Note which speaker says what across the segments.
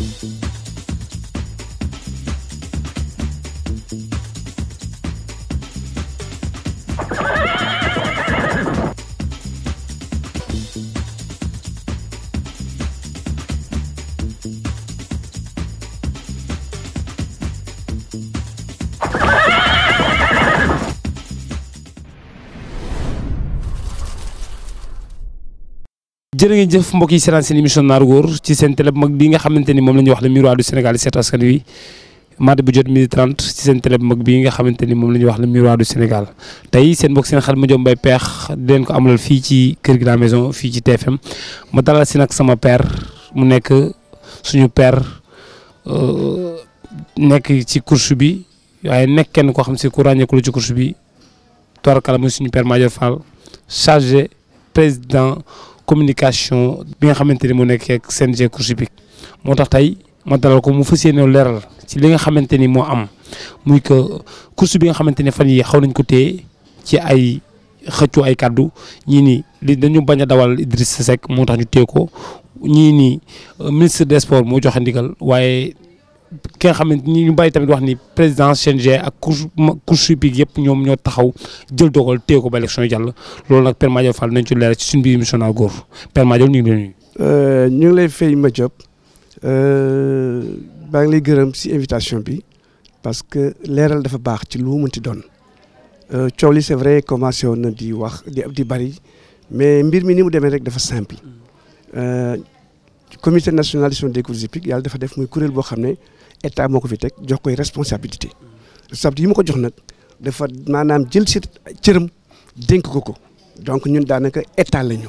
Speaker 1: Thank you. jërë ngeen jëf mbokk yi seetaan seen émission naar góor ci seen télé bu mag bi nga xamante ni moom la wax le miroir du Sénégal seet askan wi mardi bu jot midi 30 ci seen télé bu mag bi nga xamante ni moom la ñuy wax le miroir du Sénégal tey seen mbokk seen xarit Madiop Mbaye Pekh di leen ko amalal fii ci Kër gi la maison fii ci TFM ma dalal si nag sama père mu nekk suñu père euh, nekk ci course bi waaye nekk kenn koo xam si ku ràññeeku la ci course bi torkala muy suñu père Madiop Fall chargé président. communication bi nga xamante ni mu nekk seen CNG course hippique moo tax tey ma dalal ko mu fa yéene leeral ci li nga xamante ni moo am muy que course bi nga xamante ni fan yi xaw nañ ko téye ci ay xëccu ay kàddu ñii ni li dañu bañ a dawal Idrissa Seck moo tax ñu téye ko ñii ni ministre des sports moo joxe ndigal waaye ki nga xamante ni ñu bàyyi tamit wax ni président CNG ak couche couche hippique yëpp ñoom ñoo taxaw jël dogal téye ko ba élection yi jàll loolu nag Père Madiop Fall nañ ci leeral ci suñu biir émission Naaru Góor Père Madiop ñu ngi lay nuyu.
Speaker 2: Euh, ñu ngi lay euh, ngi lay gërëm si invitation bi parce que leeral dafa baax ci lu mu ti doon euh, coow li c'est commencé woon na di wax di di bari mais mbir mi ni mu demee rek dafa simple mm. comité national de gestion des courses yàlla dafa def muy kuréel boo xam ne. état moo ko fi teg jox koy responsabilité responsabilité yi ma ko jox nag dafa maanaam jël si cëram dénk ko ko donc ñun daanaka état lañu ñu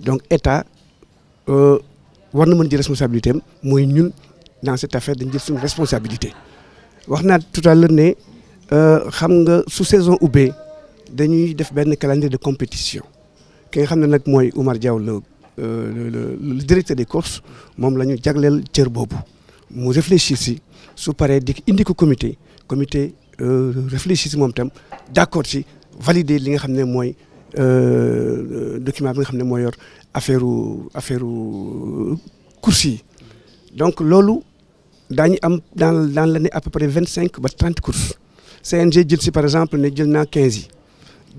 Speaker 2: donc état euh, war na mën ji responsabilité am mooy ñun dans cette affaire dañ jël suñu responsabilité wax naa tout à l'heure ne euh, xam nga su saison ubbee dañuy def benn calendrier de compétition ki nga xam ne nag mooy Oumar Diaw la euh, le directeur de courses moom la ñu jagleel cër boobu mu réfléchir si su paree di indi ko comité comité euh, réfléchir si moom itam d' accord si valider li nga xam ne mooy euh, document bi nga xam ne mooy yor affaire affaire course yi donc loolu daañu am dans dans l'année à peu près vingt cinq ba trente courses CNG jël si par exemple ne jël naa quinze yi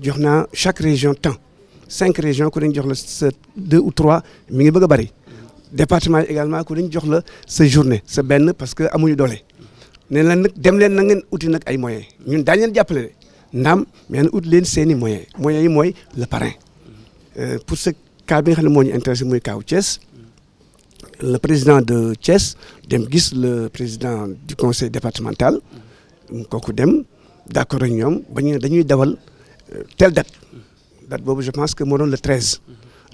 Speaker 2: jox naa chaque région temps cinq régions ku ne jox la sa deux ou trois mi ngi bëgg a bëri. département yi également ku dañ jox la sa journée sa benn parce que amuñu doole nee na nag dem leen na uti nag ay moyens ñun daañu leen jàppale ndam mais ut leen seeni i moyens yi mooy le parrain euh, pour ce cas bi nga xam ne moo ñu intéressé muy kaaw ces le président de Thiès dem gis le président du conseil départemental kooku dem d'accord ak ñoom ba ñu dañuy dawal euh, telle date date boobu je pense que moo doon le 13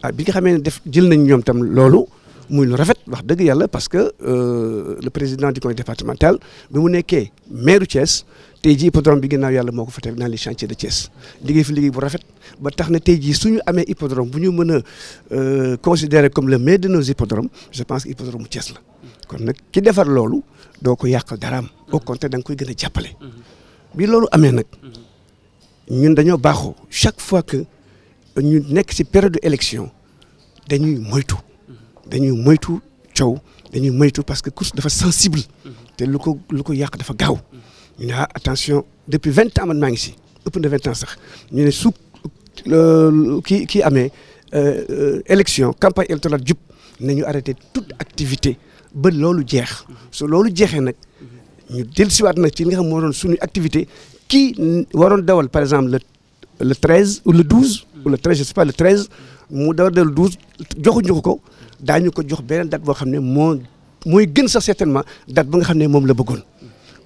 Speaker 2: ah bi nga xamee ne def jël nañ ñoom tam loolu. muy lu rafet wax dëgg yàlla parce que euh, le président du conseil départemental bi mu nekkee maire Thiès te jii hippodrome bi ginnaaw yàlla moo ko fa teg dans les chantiers de Thiès liggéey fi liggéey bu rafet ba tax na tey jii suñu amee hippodrome bu ñu mën a euh, considérer comme le mais de nos hippodromes je pense que hippodrome Thiès la kon nag ki defar loolu doo ko yàqal daraam au contraire da nga koy gën a jàppale bii loolu amee nag ñun dañoo baaxoo chaque fois que ñu nekk ci période élection dañuy moytu dañuy moytu cow dañuy moytu parce que course dafa sensible mhm. te lu ko lu ko yàq dafa gaaw mhm. ñu ne ah attention depuis vingt ans man maa ngi si ëpp na vingt ans sax ñu ne su euh, kii kii amee euh, euh, élection campagne électorale jub nañu arrêté toute activité ba loolu jeex mhm. su loolu jeexee nag ñu dellusiwaat nag ci li nga xam moo doon suñuy activité kii waroon dawal par exemple le le treize ou le douze le treize je sais pas le treize mu dawal le douze joxu ko ko daañu ko jox beneen date boo xam ne moo mooy gën sax certainement date ba nga xam ne moom la bëggoon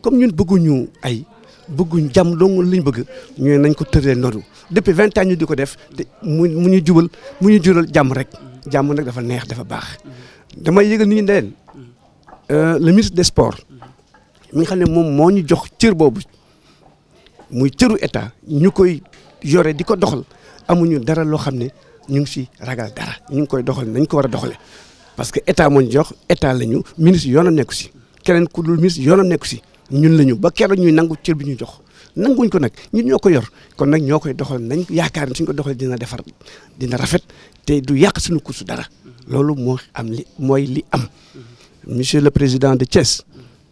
Speaker 2: comme ñun bëgguñu ay bëgguñ jàmm dong lañ bëgg ñu nañ ko tëralee noonu depuis vingt ans ñu di ko def mu mu ñu jubal mu ñu jural jàmm rek jàmm dafa neex dafa baax. damay yëgal ni ñu ne leen euh, le ministre des sports mi xam ne moom moo ñu jox cër boobu muy cëru état ñu koy yore di ko doxal amuñu dara loo xam ne. ñu ngi si ragal dara ñu ngi koy doxal nañ ko war a doxole parce que état moo jox état la ñu ministre yoonam nekku si keneen ku dul ministre yoonam nekku si ñun la ba keroog ñuy nangu cër bi ñu jox nangu nanguñ ko nag ñun ñoo ko yor kon nag ñoo koy doxal nañ yaakaar ne suñ ko doxalee dina defar dina rafet te du yàq suñu kursu dara loolu moo am li mooy li am monsieur le président de Thiès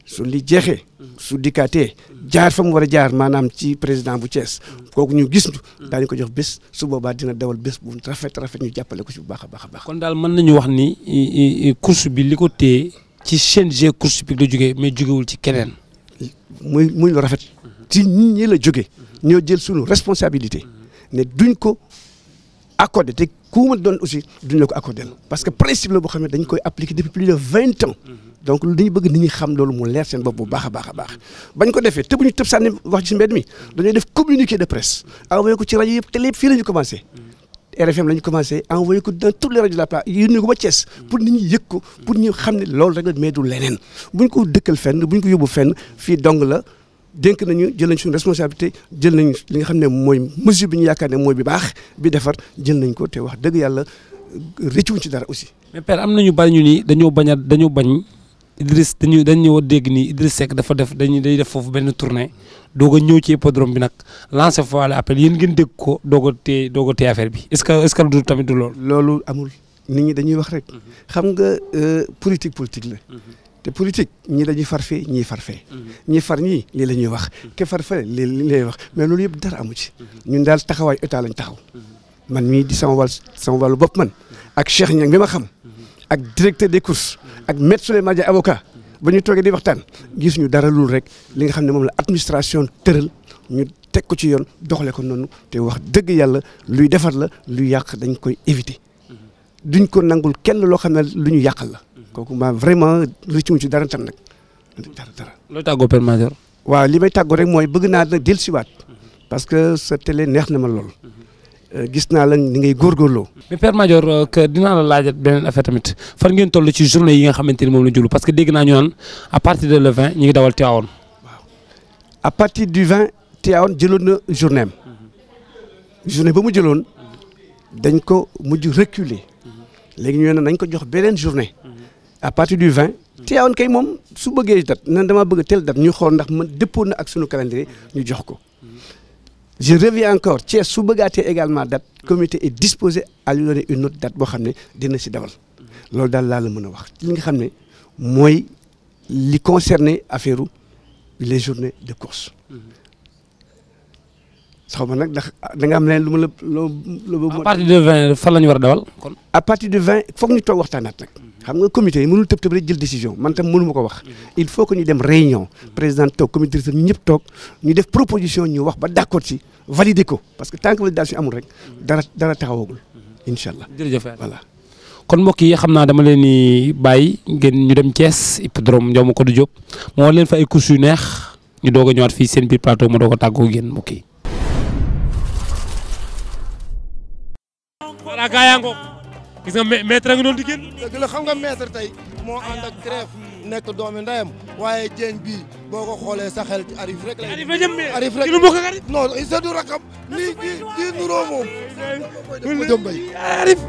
Speaker 2: su li jeexee su dikkaatee jaar fa mu war a jaar maanaam ci président bu Thiès kooku ñu gis ñu daañu ko jox bés su boobaa dina dawal bés bu rafet rafet ñu jàppale ko ci bu baax a baax a baax.
Speaker 1: kon daal mën nañu wax ni course bi li ko téye ci CNG
Speaker 2: course bi la jógee mais jógewul ci keneen. muy muy lu rafet ci ñi ñi la jóge ñoo jël sunu responsabilité ne duñ ko accordé te ku ma aussi duñ la ko accordé parce que principe la boo xam dañ koy donc dañu bëgg nit ñi xam loolu mu leer seen bopp bu baax a baax a baax bañ ko defee tëb ñu tëb sànni wax ci mbedd mi dañuy def communiqué de presse envoyé ko ci rajo yëpp télé yëpp fii la ñu commencé. la ñu commencé envoyé ko dans toutes les rajo de la place ko ba Thiès pour nit ñi ko pour ñu xam ne loolu rek la du leneen buñ ko dëkkal fenn buñ ko yóbbu fenn fii dong la. dénk nañu jël nañ suñu responsabilité jël nañ li nga xam ne mooy mesure bi ñu yaakaar ne mooy bi baax bi defar jël nañ ko te wax dëgg yàlla rëccuwuñ ci dara aussi.
Speaker 1: mais père am na ñu bari ñu ni dañoo bañ a dañoo bañ. Idriss dañu dañ ñëw dégg nii Idriss Seck dafa def dañuy day def foofu benn tournée doog a ñëw ci hippodrome bi nag lancé fa wàllu appel yéen ngeen dégg ko doog a téye bi est-ce que est-ce que du tamit loolu.
Speaker 2: loolu amul nit ñi dañuy wax rek. Mhm. xam nga euh, politique politique la. Mhm. te politique ñii dañuy far fii ñii far fee mhm. ñii far ñi lii la ñuy wax. ke far fee lii lii lay wax mais loolu yëpp dara amu ci. ñun daal taxawaay état lañ taxaw. man mii di sama wàll bopp man. ak Cheikh Niang bi xam. ak directeur des courses ak maître Souleymane Dia avocat ba ñu toogee di waxtaan gis ñu dara lul rek li nga xam ne moom la administration tëral ñu teg ko ci yoon doxalee ko noonu te wax dëgg yàlla luy defar la luy yàq dañ koy éviter duñ ko nangul kenn loo xam ne lu ñu yàqal la kooku ma vraiment rëccu ci dara tam nag
Speaker 1: dara dara. looy
Speaker 2: tàggoo Père Madior. waaw li may tàggoo rek mooy bëgg naa nag dellusiwaat parce que sa télé neex na ma lool. Euh, gis naa la ni ngay góorgóorloo.
Speaker 1: mais Père Madior euh, que dinaa la laajat beneen affaire tamit fan ngeen toll ci journée yi nga xamante ni moom la jublu parce que dégg naa ñu
Speaker 2: naan à partir de le 20 ñu ngi dawal Tivaouane. waaw à partir du 20 Tivaouane jëloon na journée am ba mu jëloon dañ ko mujj reculer léegi ñu ne nañ ko jox beneen journée à partir du 20. Tivaouane kay moom su bëggee date nan dama bëgg tel date ñuy xool ndax ma dëppoo na ak sunu calendrier ñu jox ko. je reviens encore Thiès su bëggaatee également date comité est disposé a lui donner une autre date boo xam ne dina si dawal loolu daal laa la mën a wax ci li nga xam ne mooy li concerné affaire les journées de course. xaw ma nag ndax da nga am leneen lu ma la loo. à partir de vingt fan la ñu war a dawal kon. à partir de vingt foog ñu toog waxtaanaat nag. xam nga comité yi mënul tëb tëb rek jël décision man tam mënu ma ko wax mhm. il faut que ñu dem réunion mhm. président toog comité directeur ñu ñëpp toog ñu def proposition ñu wax ba d' accord ci ko parce que tant que validation amul rek mhm. dara dara taxawagul incha allah jërëjëf voilà
Speaker 1: kon mbokk yi xam naa dama leen ni bàyyi ngeen ñu dem Thiès hippodrome Ndiaw Macodou Diop moo leen fa ay yu neex ñu doog a ñëwaat fii seen biir plateau ma doog a tàggoo ngeen mbokk yi.
Speaker 3: gis nga maître a ngi noonu di génn. dëgg la xam nga maître tey moo ànd ak grève nekk doomi ndeyam waaye Dieng bi boo ko xoolee sa xel ci Arif rek lay. Arif la jëm mais Arif rek ci lu mu xarit. non c'est du rakam lii lii lii nuroo moom. Arif.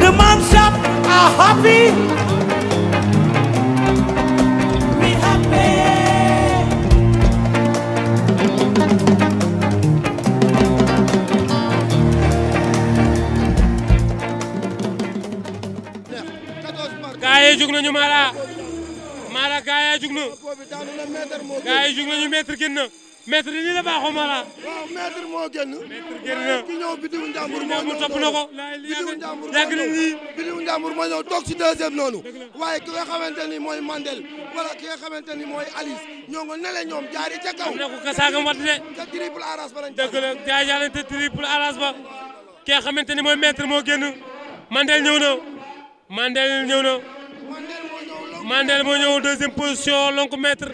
Speaker 3: The man shop happy. nañu Mara Mara gaa yaa jug na gaa yi jug nañu mètre génn na mètre lii la baaxoo Mara. waaw mètre moo génn. mètre génn na ki ñëw bidiw njàmbur moo ñëw topp na ko. yàgg nañ lii bidiw njàmbur moo noonu. waaye ki nga xamante ni mooy Mandel wala ki nga xamante ni mooy Alice ñoo nga nele ñoom jaari ca kaw. am na ko kasaaga mat de. te triple arras ba lañ. dëgg la jaay jaay te triple arras ba. ki nga xamante ni mooy mètre moo génn Mandel ñëw Mandel ñëw na. Mandel moo ñëw deuxième position lonku maître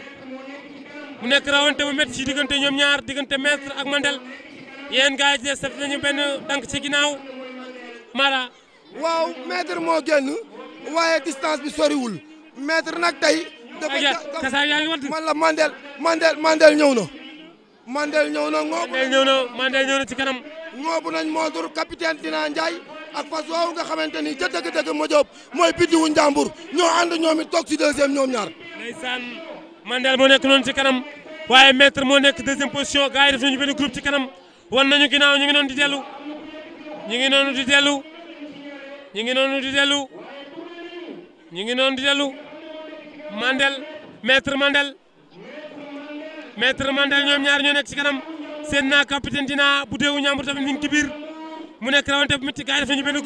Speaker 3: mu nekk rawante bu métti ci diggante ñoom ñaar diggante maître ak Mandel yéen gars yi ci nañu benn dank ci ginnaaw Mara. waaw maître moo génn waaye distance bi soriwul maître nag tey. dafa kasaar yaa ngi Mandel Mandel Mandel ñëw na. Mandel ñëw na ngoobu Mandel ñëw na Mandel ñëw na dina Ndiaye. ak fas woowu nga xamante ni ca dëgg-dëgg ma jóob mooy biddiwu njàmbur ñoo ànd ñoom it toog si deuxième ñoom ñaar. ndeysaan man daal moo nekk noonu ci kanam waaye maître moo nekk deuxième position gars yi ñu nañu benn groupe ci kanam wan nañu ginnaaw ñu ngi noonu di dellu ñu ngi noonu di dellu ñu ngi noonu di dellu ñu ngi noonu di dellu Mandel maître Mandel maître Mandel ñoom ñaar ñoo nekk ci kanam seen naa capitaine dina bu deewu ñaambur tamit ñu ngi ci biir. mu nekk rawante bu métti gars yi def nañu benn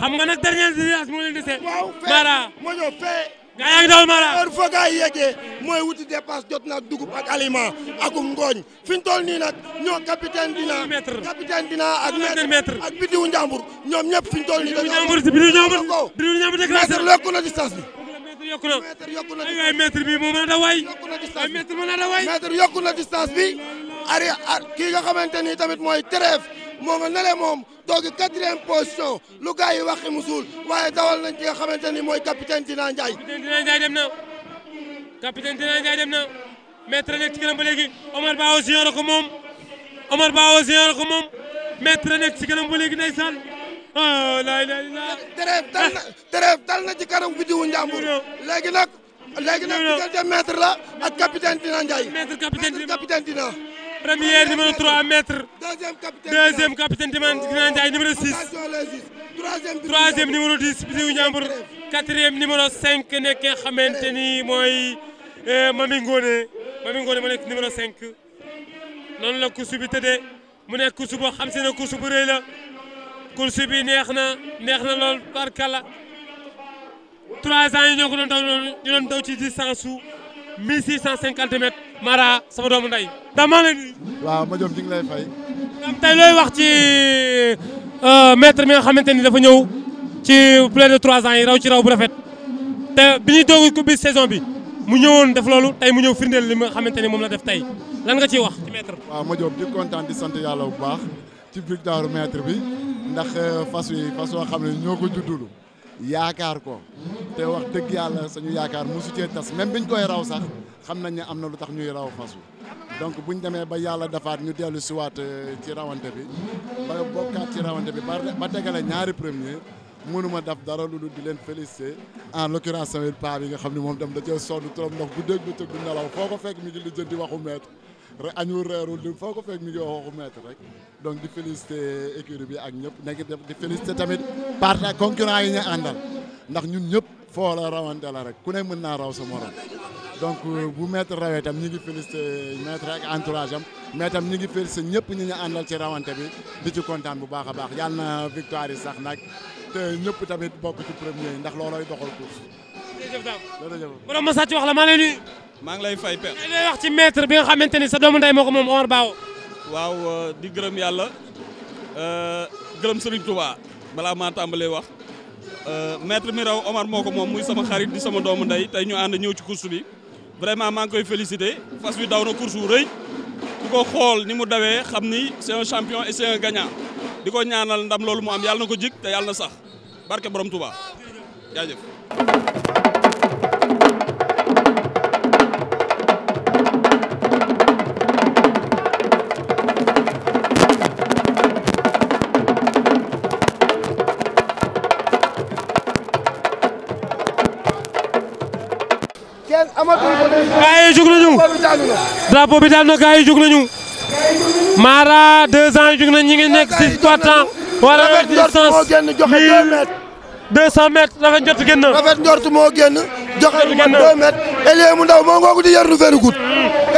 Speaker 3: xam nga nag dernier virage moo leen dese. Mara moo ñëw fee. gars yaa ngi dawal Mara. jot na dugub ak aliment akum ngooñ fi ñu toll nii nag ñoo capitaine dina capitaine dina ak maître ak bidiwu njàmbur ñoom ñëpp fi ñu toll nii. dañoo am bidiwu njàmbur bidiwu njàmbur maître yokku na distance bi. yokku na ay waay maître bi moo mën a da waay ay maître mën a da bi. ari nga xamante ni tamit mooy trêve moo nga nele moom toogi quatrième position lu gars yi waxi musul waaye dawal nañ ci nga xamante ni mooy capitaine Dina Ndiaye. capitaine Dina Ndiaye dem na capitaine Dina Ndiaye dem na maître nekk ci kanam ba léegi Omar Ba aussi yor ko moom Omar Ba aussi yor ko moom maître nekk ci kanam ba léegi ndeysaan ah laay laay laay. tereef dal na tereef na ci kanam bitiwu njàmbur léegi nag. léegi nag diggante maître la ak capitaine Dina Ndiaye. maître capitaine Dina maître capitaine Dina. premier numéro 3 maître. deuxième capitaine deuxième capitaine Dina Ndiaye numéro 6. troisième numéro 10 Bisu numéro 5 nekk nga mooy eh, Mami Ngone Mami ma nekk numéro 5. noonu la course bi tëddee mu nekk course boo xam si ne course bu rëy bi neex na neex na lool barkala trois ans yi ñoo ko doon daw ñu doon daw ci 1650 mètres Mara sama doomu nday da maa lay nuyu.
Speaker 4: waaw ma jëm ji ngi lay fay. tey looy
Speaker 3: wax ci euh, metre mi nga xamante ni dafa ñëw ci plus de trois ans yi raw ci raw bu rafet te bi ñuy doog ko bi saison bi mu ñëwoon def loolu tey mu ñëw firndeel li nga xamante ni moom la def tey
Speaker 4: lan nga ciy wax ci maître. waaw ma jëm di di sant yàlla bu baax ci victoire maître bi ndax euh, fas yi fas yoo xam ne ñoo ko juddulu yaakaar ko te wax dëgg yàlla sañu yaakaar mosu cee tas même biñ koy raw sax xam nañ ne am na lu tax ñuy raw fas wi donc bu ñu demee ba yàlla dafaat ñu dellu siwaat euh, ci rawante bi ba bokkaat ci rawante bi ba tegale ñaari premier mënuma daf dara lu dul di leen félicité en l'occurrence samit paa yi nga xam ne moom dem da cee sonn trop ndox bu dégg bu tëgg nelaw foo ko fekk mi ngi lijjanti waxu maître añu reeru di foo ko fekk mi ngi waxu maître rek donc di félicité écurie bi ak ñëpp nekk di félicité tamit partenaires concurrents yi ñu àndal ndax ñun ñëpp foo la rawante la rek ku ne mën naa raw sa morom donc euh, bu maître rawee tam ñi ngi félicité maître ak entourage am mais tam ñi ngi félicité ñëpp ñi ñu àndal ci rawante bi di ci kontaan bu baax a baax yàlla na victoire yi sax nag te ñëpp tamit bokk ci premier yi ndax loolooy doxal course
Speaker 3: jërëjëf daal jërëjëf wax la maa maa ngi lay fay per. lay wax ci
Speaker 4: maître bi nga xamante ni sa
Speaker 3: doomu ndey moo ko moom Omar Bao. waaw euh, di gërëm yàlla euh, gërëm Serigne Touba balaa maa tàmbalee wax euh, maître mi raw Omar moo ko moom muy sama xarit di sama doomu ndey tey ñu ànd ñëw ci course bi vraiment maa ngi koy félicité fas wi daw na course wu rëy ku ko xool ni mu dawee xam ni c'est un champion et c'est un di ko ñaanal ndam loolu mu am yàlla na ko jik te yàlla na sax barke borom Touba jaajëf. yi jug nañu drapeau bi daal na gars yi jug nañu Mara deux ans jug ñi ngi nekk si trois ans wala distance mille deux cent mètres rafet njort génn rafet njort moo génn joxe 2 mètres Elie mu ndaw moo ngoogu di yar nu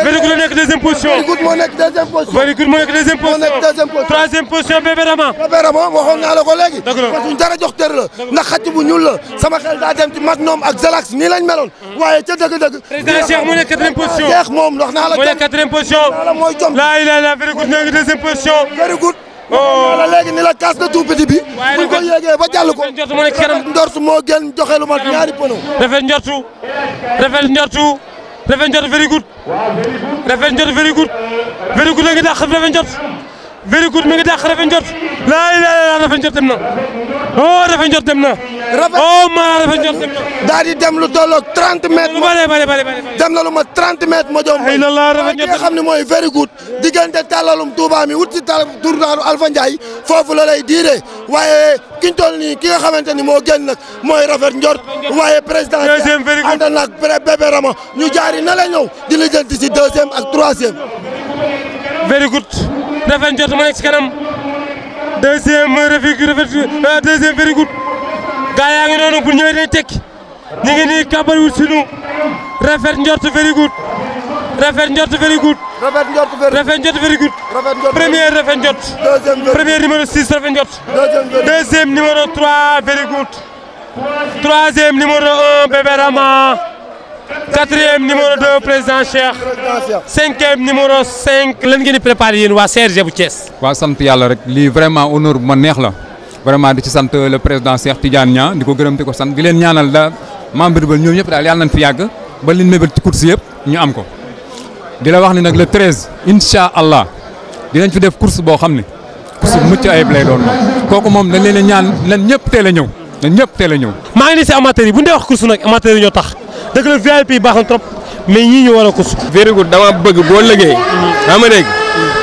Speaker 3: Bébé Goul nekk deuxième position Bébé Goul moo nekk deuxième position Bébé Goul moo nekk deuxième position troisième position Bébé waxoon naa la ko léegi parce que dara jox tër la ndax xaj bu ñuul la sama xel daa dem ci Magnum ak Zalax nii lañ meloon ca dëgg-dëgg président Cheikh moom wax naa mooy jom laa ilaaha illallaah Bébé Goul nekk deuxième position Bébé Goul wala léegi ni la casse de tout bi bu ko yéegee ba jàll ko njort moo gën joxe lu mat ñaari pono rafet njortu njortu Refane Ndiott very good Refane Ndiott very good very good la nga dàq Refane Ndiott very good mi ngi dàq rafet njort laa ilaaha dem na oh rafet njort dem na. rafet oh maanaam rafet njort dem na. daal di dem lu tolloog 30 mètres. lu bëree bëri bëri dem lu ma 30 mètres ma jom. ay lalla rafet njort dem na nga xam ne mooy very good diggante tàllalum Touba mi wut si tal tournaaru Alpha Ndiaye foofu la lay diire waaye ki ñu toll nii ki nga xamante ni moo génn nag mooy rafet waaye président. deuxième very good ànd ñu jaari na la ñëw di lijjanti si deuxième rafet jot mu nekk ci kanam deuxième rafet rafet euh, deuxième very good gaa yaa ngi noonu bu ñëwee dañ tekki ñu ngi nii kàbbal wut sunu rafet njort very good rafet njort very good rafet njort very rafet njort very good premier rafet njort premier numéro quatrième numéro deux président Cheikh cinquième numéro cinq lan ngeen di préparé waa CRG bu cees
Speaker 1: waaw sant yàlla rek lii vraiment honneur bu ma neex la vraiment di ci sant le président Cheikh Tidiane ñaa di ko gërëm di ko sant di leen ñaanal daal membre ba ñoom ñëpp daal yàlla nañ fi yàgg ba liñ mébét ci course yëpp ñu am ko. di la wax ni nag la treize incha allah dinañ fi def course boo xam ne course bu mucc ay lay doon kooku moom dañ leen ñaan lan ñëpp teel a ñëw lan ñëpp teel
Speaker 3: a dëgg la VIP baax na trop mais ñii ñu war a kus. vérigu dama bëgg boo lëggee. xam nga dégg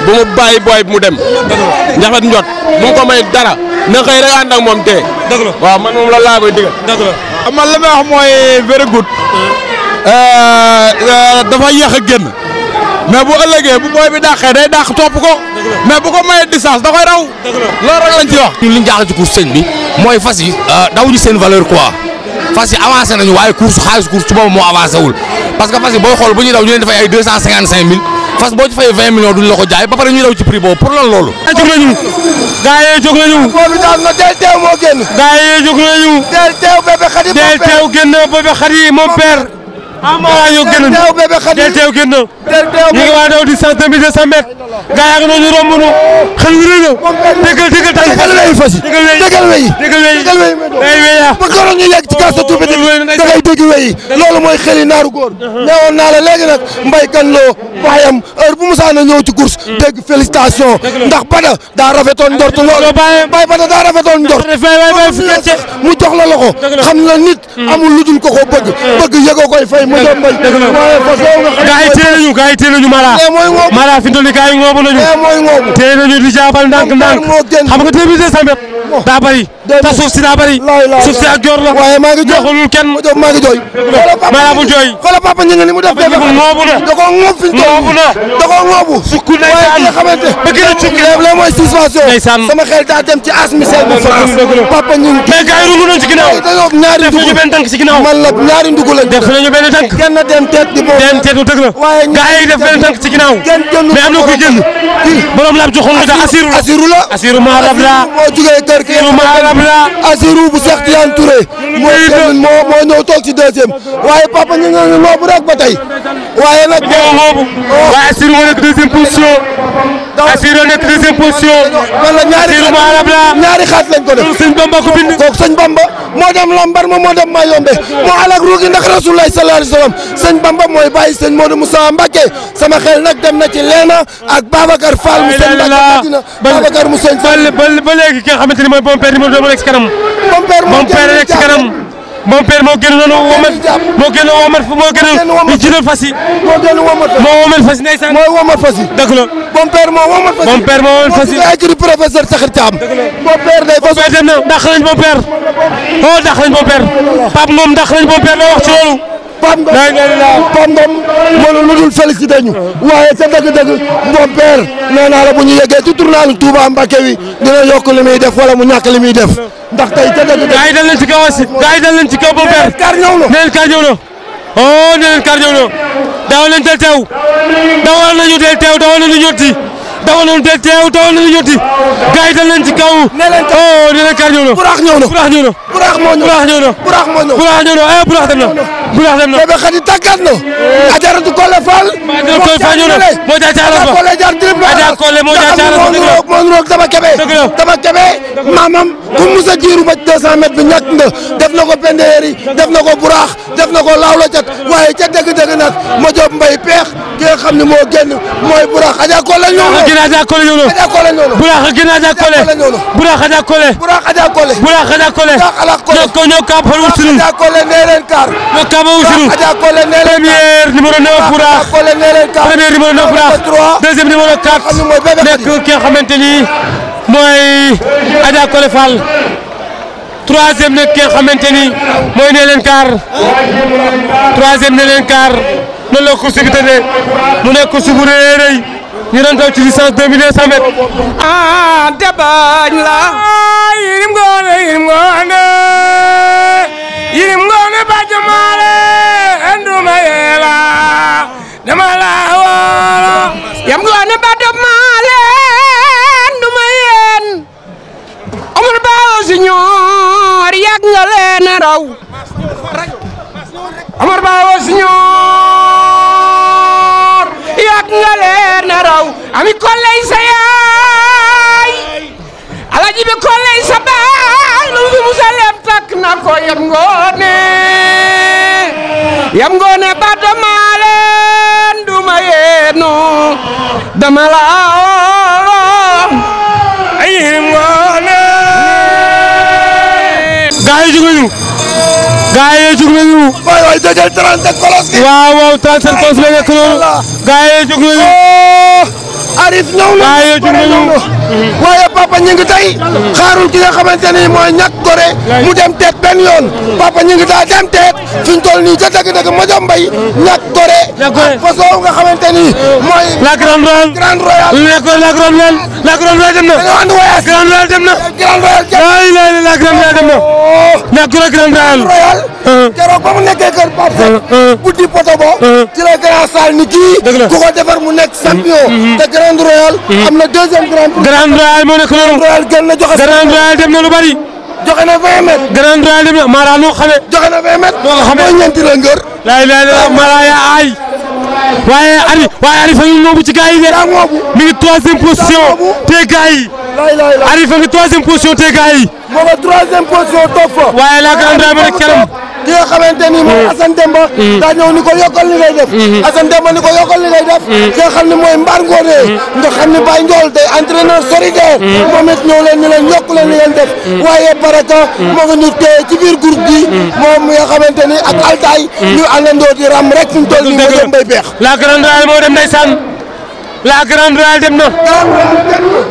Speaker 3: bu mu bàyyi booy mu dem. njaxat njot bu mu ko may dara. na xëy rek ànd ak moom tee. dëgg la waaw man moom la laa koy digal. dëgg la ah, man li may wax mooy vérigu. Hmm. Eh, eh, dafa yéex a génn. mais bu ëllëgee bu booy bi dàqee day dàq topp ko. mais bu ko mayee distance da raw. loolu rek lañ ci wax. ñun li ñu jaaxle ci bi mooy fas yi. ji ah, seen valeur quoi. fas yi nañu waaye course xaalis course moo avancé wul parce que fas booy xool bu ñuy daw ñu leen di fay ay deux cent cinquante cinq mille fas boo ci fay vingt millions duñ la ko jaay ba pare ñuy daw ci prix boobu pour lan loolu. jóg nañu gars yi jóg nañu. boobu daal na del teew moo génn. gars yi jóg nañu. amara ñu gën teew bébé xadi teew gën na ñu ngi waa daw di ga yaa ngi noonu romb nu xel wi rëy na dëggal dëggal tànk dëggal weyi fas yi dëggal weyi dëggal weyi dëggal ba ko ñu yegg ci kasta tuubi di da ngay dégg weyi mooy xeli naaru góor ñeewoon uh-huh. naa la léegi nag kan loo baayam heure bu musaa na ñëw ci course mm. dégg ndax bada daa rafetoon njort loolu bay bada daa rafetoon njort mu jox la loxo xam nit mm. amul lu ko ko bëgg mm. bëgg yëgoo koy fay Moussa Mbaye waaye fas yow nga xam gaa yi téye nañu gaa yi téye nañu Mara eh, Mara fi mu toll ngoobu nañu eh, téye nañu di jaabal ndànk ndànk xam nga téye bi 200 daa bëri. te suuf si daa bëri. suuf si ak joor la. waaye maa ngi jooy joxulul kenn. maa ngi jooy. maa bu jooy. xoolal papa ñu ngi ni mu def. dafa ngoobu na da koo ngoob fi ñu toll. ngoobu na da koo ngoobu. sukk nañ waaye ki nga xamante. bëgg na sukk léegi léegi mooy situation. ndeysaan sama xel daa dem ci as Michel bu France. papa ñu ngi. mais gars yi dugg nañ ci ginnaaw. ñaari dugg def nañu benn tànk ci ginnaaw. man la ñaari dugg lañ. def nañu benn tànk. kenn dem teet di boobu. dem teet bu dëgg la. waaye ñu gars yi def benn tànk ci ginnaaw. kenn jënd borom la mais am na kuy jënd. borom la am joxoon nga tax asiru la asiru la asiru maa rabla moo jugee barke Assirou bu Cheikh Tidiane Touré moo moo moo ñëw toog ci deuxième waaye papa ñu ngi ngoobu rek ba tey waaye nag oh. waaye Assirou moo nekk deuxième position Assirou nekk deuxième position wala ñaari ñaari xaat lañ ko def sëñ Bamba ko bind kooku sëñ Bamba moo dem lambar ma moo dem Mayombe moo alak ruugi ndax Rasulullahi sallallahu alayhi wa sallam sëñ Bamba mooy bàyyi sëñ Modou Moussa sama xel nag dem na ci leena ak Babacar Fall mu sëñ Mbacké Babacar mu sëñ Fall ba léegi ki nga xamante lii mooy Bompère numéro 2 moo nekk si kanam. Bompère nekk si kanam. Bompère moo gën noonu womat moo gën a womat moo gën a di jiital fas yi. moo gën a womat fas yi moo womat fas yi ndeysaan. moo womat fas yi. dëgg la. Bompère moo womat fas yi. Bompère moo womat fas yi. moo gën a professeur Sakhir Thiam. dëgg la Bompère day fas. Bompère dem na dàq lañ Bompère. oh dàq lañ Bompère. Pape moom dàq lañ Bompère loo wax ci loolu. Pape Ngom Pape Ngom mënu lu dul félicité ñu waaye ca dëgg-dëgg moom père nee naa la bu ñu yeggee ci tournage Touba Mbacké wi dina yokk li muy def wala mu ñàkk li muy def ndax tey ca dëgg-dëgg. gars yi dañ leen ci kaw aussi gars yi dañ leen ci kaw ba père kar ñëw na neen kar ñëw na oh neen kar ñëw na daaw leen teel teew dawal nañu teel teew dawal kaw oh neen kar ñëw na Buraax moo ñëw Buraax ñëw na Buraax moo ñëw Buraax ñëw na ay eh, Buraax dem na Buraax dem na bébé xadi tàggat na eh. ajaratu Kole Fall moo koy fa ñëw na moo jaar caaral ba Kole jaar dirib Aja Kole moo jaar caaral ba moo ñu roog dama kebe dama kebe maamam ku musa jiiru ba 200 mètres bi ñàkk nga def na ko pendeeri def na ko Buraax def na ko lawlo cat waaye ca dëgg-dëgg nag ma job mbay peex ki nga xam ne moo génn mooy Buraax Aja Kole ñëw na gën Aja Kole ñëw na Aja Kole ñëw na Buraax gën Aja Kole Buraax Aja Kole Buraax Aja Kole Buraax Aja Kole ñoko ñoko hol wurtini ñoko le nelen kar ñoko ma wurtini ñoko le nelen premier numéro 9 pour premier numéro 9 nekk ki nga ni mooy Adja Kole Fall troisième nekk ki nga ni mooy nelen kar troisième nelen kar noonu la course bi mu nekk course bu ñu doon daw ci distance 2200 m. ah te bañ la. Ah, yirim ngoone yirim ngoone yirim ngoone ba jamaale anduma yeela dama la yam ngoone ba jamaale anduma yeen amul baawo si ñoor yàgg nga leen a raw
Speaker 2: amul baawo si ñoor yàgg
Speaker 3: yam ngoone yam ngoone bata yeenu dama la ay yam ngoone gaa jug nañu gaa jug nañu waaw waaw trente kolos la noonu gaa jug nañu oh, arif ñëw na jug nañu waaye papa ñu ngi tey ki nga xamante ni mooy ñàkk gore mu dem teet benn yoon papa ñu ngi dem teet fi ñu nii ca dëgg-dëgg ma jom mbay ñàkk gore ak façon nga xamante ni mooy la grande royale grande royale la grande royale la grande royale dem na dañoo ànd voyage grande royale dem na grande royale la la la grande royale dem na oh. ñàkk gore grande royale uh-huh. Uh-huh. keroog ba mu nekkee kër papa uh-huh. guddi grand salle mm-hmm. mm-hmm. am na deuxième grand prix grande royale Grand Royal gën na joxe. Grand lu bari. joxe na 20 mètres. Grand Royal dem na Mara noo xamee. joxe na 20 mètres. noo xamee mooy ñeenti la ngër. laay laay la Mara yaa aay. waaye Ari waaye Ari fa ci gars yi de. mi ngi troisième position. te gars yi. Ari fa ngi troisième position te gars yi. moo ko troisième waaye la Grand Royal rek kanam. ki nga xamante ni mooy mm. Assane Demba mm. daa ñëw ni ko yokkal li ngay def mm-hmm. Assane Demba ni ko yokkal li ngay def mm. ki nga xam ne mooy Mbar Ngoone nga xam ne Baye Ndiol tey entraîneur soride moom it ñëw leen yokk leen li def waaye Baraka moo ngi ñu téye ci biir groupe bi moom mi nga xamante ni ak Altaay ñu àndandoo di ram rek fi mu toll moo dem ndeysaan la grande royale dem na.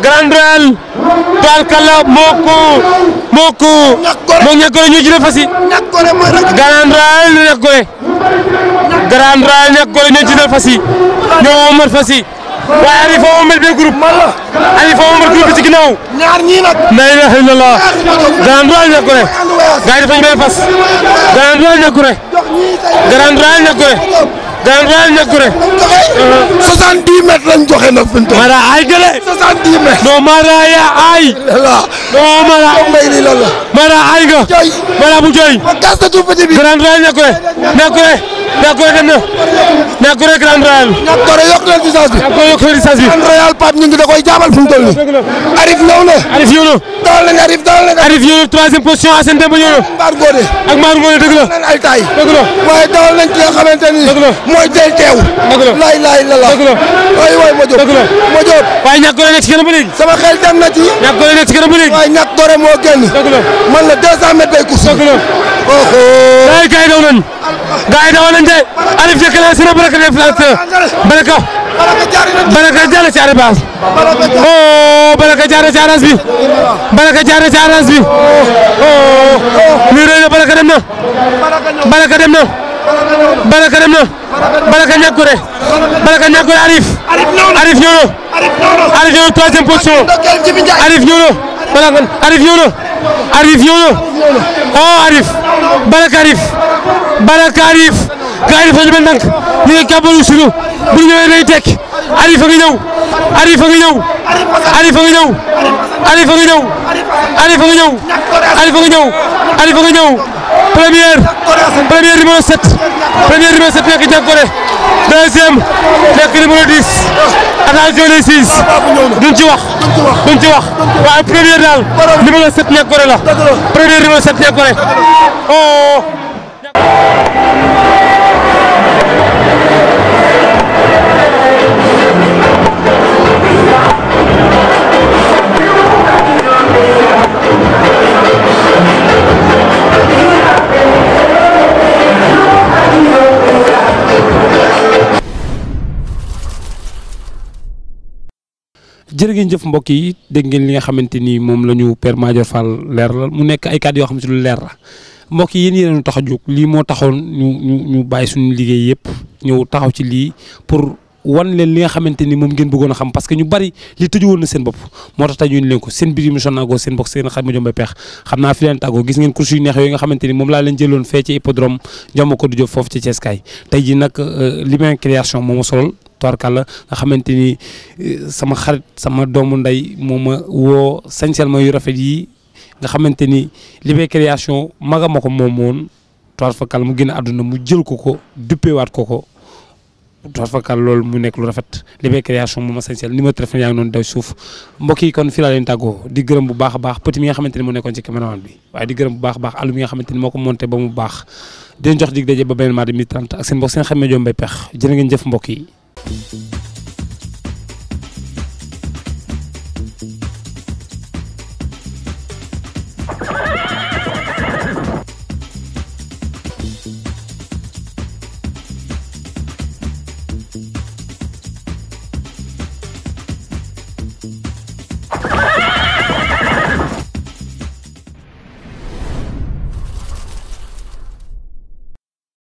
Speaker 3: grande royale. toile kàlla moo ko moo ko. moom ñàkk gore ñoo jëlee fas yi. grande waaye Aliou foo amal benn groupe. Aliou foo amal groupe bi ci ginnaaw. la ilaha illallah. grande royale day day njëkk rek. 70 mètres lañ joxe nag fi mu Mara ay gële. 70 mètres. non Mara yaa ay. voilà Mara. mbay li la. Mara ay nga. Mara bu jooy. ma gas na rek. njëkk rek. Ndiack Goré dem na Ndiack Goré yokk leen distance bi. Ndiack Goré yokk leen distance bi. Grand Royal Pape ñu ngi da koy jaabal fu mu toll nii. Arif ñëw na. Arif ñëw na. dalal nañ Arif dalal nañ. Arif ñëw na troisième position Assane Demba ñëw na. Mbaar Ngoné. ak Mbaar Ngoné dëgg la. dalal nañ ay taay. waaye dalal nañ ki nga mooy teel teew. dëgg la laay laay la la. waaye Ndiack Goré nekk ci kanam ba léegi. moo génn. man la 200 mètres day course. dëgg la. oh oh. gars yi daw diggante Alioune Diakhalé Siré Baraka Défenseur Baraka Baraka jaar na ci arrêt oh Baraka jaar na ci arrêt bi Baraka jaar na ci arrêt bi oh, oh, oh. lii rëy na Baraka dem na Baraka dem na Baraka dem na Baraka ñàkku de Baraka ñàkku de Arif Arif ñëw na Arif ñëw na troisième position Arif ñëw na Baraka Arif ñëw na Arif ñëw na oh Arif Baraka Arif Baraka Arif gars yi dafa ñu mel ndànk ñu ngi kàbbalu suñu bu ñu ñëwee day tekk Arif a a ngi ñëw Arif a ngi ñëw Arif a ngi a a ngi a ngi ñëw première première set 7 première numéro 7 nekk jàkkore deuxième nekk numéro 10 attention les 6 duñ ci wax duñ wax waaye première daal numéro set nekk gore la
Speaker 1: jërë ngeen jëf mbokk yi dégg ngeen li nga xamante ni moom la ñu Père Madior leer la mu nekk ay kàddu yoo xam si lu leer la mbokk yi yéen yéen ñu tax a jóg lii moo taxoon ñu ñu ñu suñu liggéey yëpp ñëw taxaw ci lii pour wan leen li nga xamante ni moom ngeen bëggoon xam parce que ñu bari li tëju woon na seen bopp moo tax tey ñu leen ko seen naa fi leen tàggoo gis ngeen course moom laa leen jëloon fee ci hippodrome jomba ko du jóg foofu ci Thiès kay tey ji nag euh, li création moom solol torkal la nga xamante ni eh, sama xarit sama doomu ndey moom ma woo sañsel ma yu rafet yi nga xamante ni Libe création maga ma ko moom woon toor fakal mu génn àdduna mu jël ko ko duppeewaat ko ko toor fakal loolu mu nekk lu rafet Libe yaa ngi noonu daw suuf mbokk kon fii laa leen di gërëm bu baax a baax petit mi nga xamante ni moo nekkoon ci caméraman bi waaye di gërëm bu baax a baax alu mi nga xamante ni moo ko monté ba mu baax den jox dig daje ba beneen maa di ak seen mbokk seen xarit Mbay Pex jërë ngeen jëf mbokk Thank you.